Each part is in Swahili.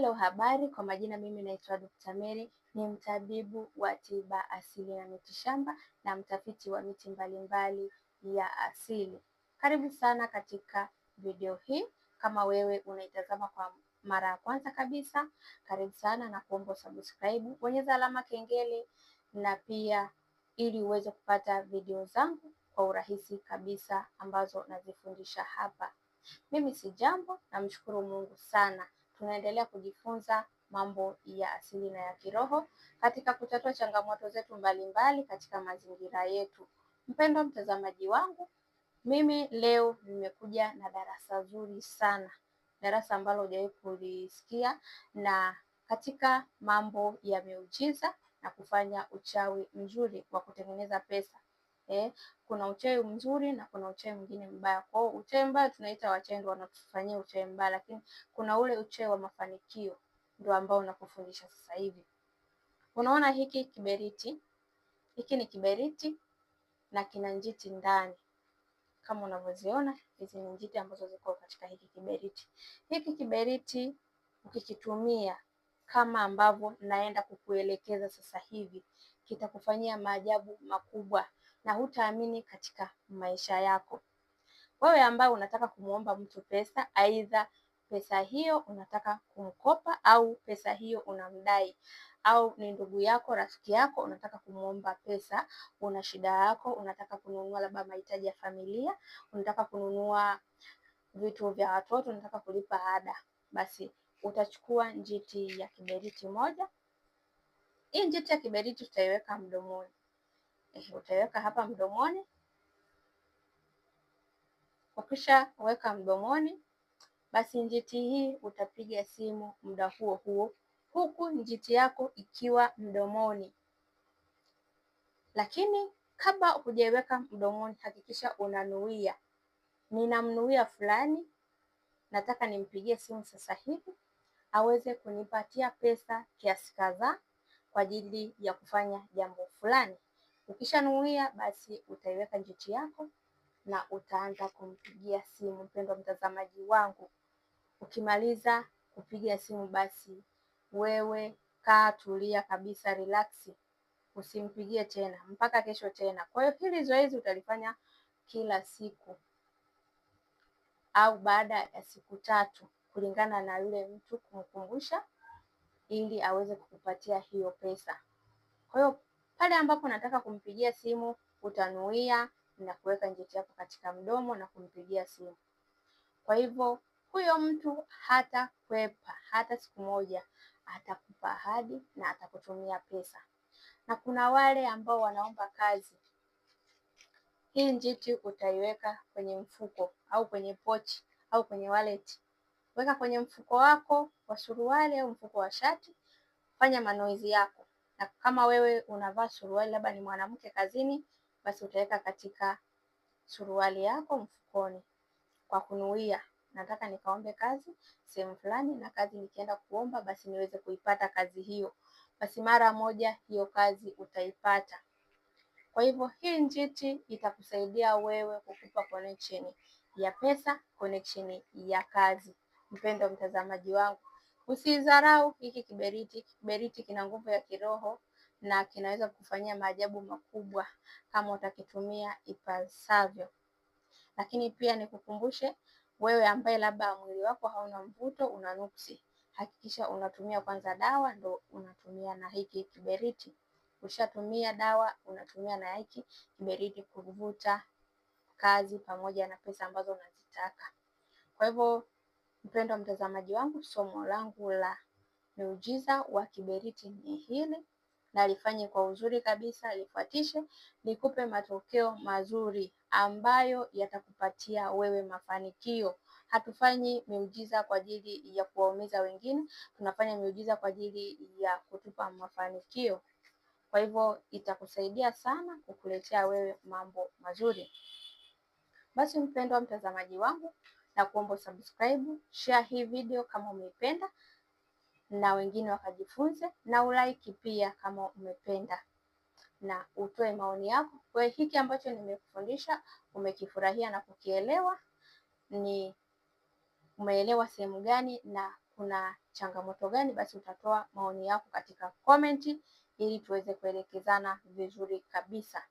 Hello, habari. Kwa majina mimi naitwa Dr. Mary, ni mtabibu wa tiba asili na mitishamba na mtafiti wa miti mbalimbali ya asili. Karibu sana katika video hii. Kama wewe unaitazama kwa mara ya kwanza kabisa, karibu sana na kuomba subscribe, bonyeza alama kengele na pia ili uweze kupata video zangu kwa urahisi kabisa ambazo nazifundisha hapa. Mimi si jambo, namshukuru Mungu sana tunaendelea kujifunza mambo ya asili na ya kiroho katika kutatua changamoto zetu mbalimbali katika mazingira yetu. Mpendwa mtazamaji wangu, mimi leo nimekuja na darasa zuri sana, darasa ambalo hujawahi kulisikia, na katika mambo ya miujiza na kufanya uchawi mzuri wa kutengeneza pesa eh, kuna uchawi mzuri na kuna uchawi mwingine mbaya. Kwa hiyo uchawi mbaya tunaita wachawi ndio wanatufanyia uchawi mbaya, lakini kuna ule uchawi wa mafanikio ndio ambao unakufundisha sasa hivi. Unaona hiki kiberiti, hiki ni kiberiti na kina njiti ndani kama unavyoziona hizi ni njiti ambazo ziko katika hiki kiberiti. Hiki kiberiti ukikitumia kama ambavyo naenda kukuelekeza sasa hivi, kitakufanyia maajabu makubwa na hutaamini katika maisha yako. Wewe ambaye unataka kumwomba mtu pesa, aidha pesa hiyo unataka kumkopa au pesa hiyo unamdai, au ni ndugu yako, rafiki yako, unataka kumwomba pesa, una shida yako, unataka kununua labda mahitaji ya familia, unataka kununua vitu vya watoto, unataka kulipa ada, basi utachukua njiti ya kiberiti moja. Hii njiti ya kiberiti tutaiweka mdomoni utaweka hapa mdomoni. Ukishaweka mdomoni, basi njiti hii utapiga simu muda huo huo, huku njiti yako ikiwa mdomoni. Lakini kabla hujaiweka mdomoni, hakikisha unanuia, ninamnuia fulani, nataka nimpigie simu sasa hivi aweze kunipatia pesa kiasi kadhaa kwa ajili ya kufanya jambo fulani. Ukishanuia basi utaiweka njiti yako na utaanza kumpigia simu mpendwa mtazamaji wangu. Ukimaliza kupiga simu, basi wewe kaa, tulia kabisa, relax, usimpigie tena mpaka kesho tena. Kwa hiyo hili zoezi utalifanya kila siku au baada ya siku tatu, kulingana na yule mtu kumkumbusha, ili aweze kukupatia hiyo pesa. Kwa hiyo pale ambapo unataka kumpigia simu, utanuia na kuweka njiti yako katika mdomo na kumpigia simu. Kwa hivyo huyo mtu hata kwepa hata siku moja, atakupa ahadi na atakutumia pesa. Na kuna wale ambao wanaomba kazi, hii njiti utaiweka kwenye mfuko au kwenye pochi au kwenye wallet. Weka kwenye mfuko wako wa suruali au mfuko wa shati, fanya manuizi yako na kama wewe unavaa suruali, labda ni mwanamke kazini, basi utaweka katika suruali yako mfukoni, kwa kunuia, nataka nikaombe kazi sehemu fulani, na kazi nikienda kuomba, basi niweze kuipata kazi hiyo, basi mara moja hiyo kazi utaipata. Kwa hivyo hii njiti itakusaidia wewe kukupa connection ya pesa, connection ya kazi. mpendo mtazamaji wangu, Usidharau hiki kiberiti. Kiberiti kina nguvu ya kiroho na kinaweza kufanyia maajabu makubwa kama utakitumia ipasavyo. Lakini pia nikukumbushe wewe ambaye labda mwili wako hauna mvuto, una nuksi, hakikisha unatumia kwanza dawa, ndo unatumia na hiki kiberiti. Ushatumia dawa, unatumia na hiki kiberiti kuvuta kazi pamoja na pesa ambazo unazitaka. Kwa hivyo Mpendwa mtazamaji wangu, somo langu la miujiza wa kiberiti ni hili, na lifanye kwa uzuri kabisa, lifuatishe, likupe matokeo mazuri ambayo yatakupatia wewe mafanikio. Hatufanyi miujiza kwa ajili ya kuwaumiza wengine, tunafanya miujiza kwa ajili ya kutupa mafanikio. Kwa hivyo itakusaidia sana kukuletea wewe mambo mazuri. Basi mpendwa mtazamaji wangu na kuomba subscribe, share hii video kama umeipenda na wengine wakajifunze, na ulike pia kama umependa, na utoe maoni yako. Kwa hiki ambacho nimekufundisha umekifurahia na kukielewa, ni umeelewa sehemu gani na kuna changamoto gani, basi utatoa maoni yako katika komenti ili tuweze kuelekezana vizuri kabisa.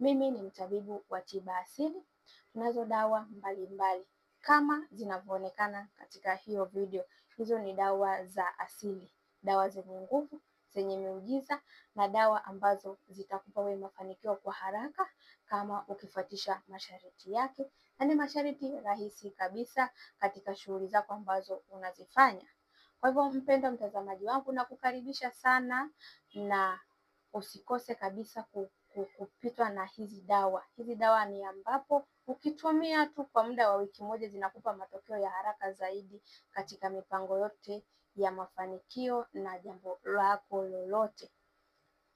Mimi ni mtabibu wa tiba asili Tunazo dawa mbalimbali kama zinavyoonekana katika hiyo video. Hizo ni dawa za asili, dawa zenye nguvu, zenye miujiza na dawa ambazo zitakupa wewe mafanikio kwa haraka kama ukifuatisha masharti yake, na ni masharti rahisi kabisa katika shughuli zako ambazo unazifanya. Kwa hivyo, mpendwa mtazamaji wangu, nakukaribisha sana na usikose kabisa kupitwa na hizi dawa. Hizi dawa ni ambapo Ukitumia tu kwa muda wa wiki moja zinakupa matokeo ya haraka zaidi katika mipango yote ya mafanikio na jambo lako lolote.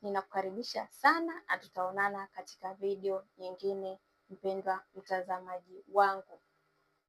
Ninakukaribisha sana na tutaonana katika video nyingine mpendwa mtazamaji wangu.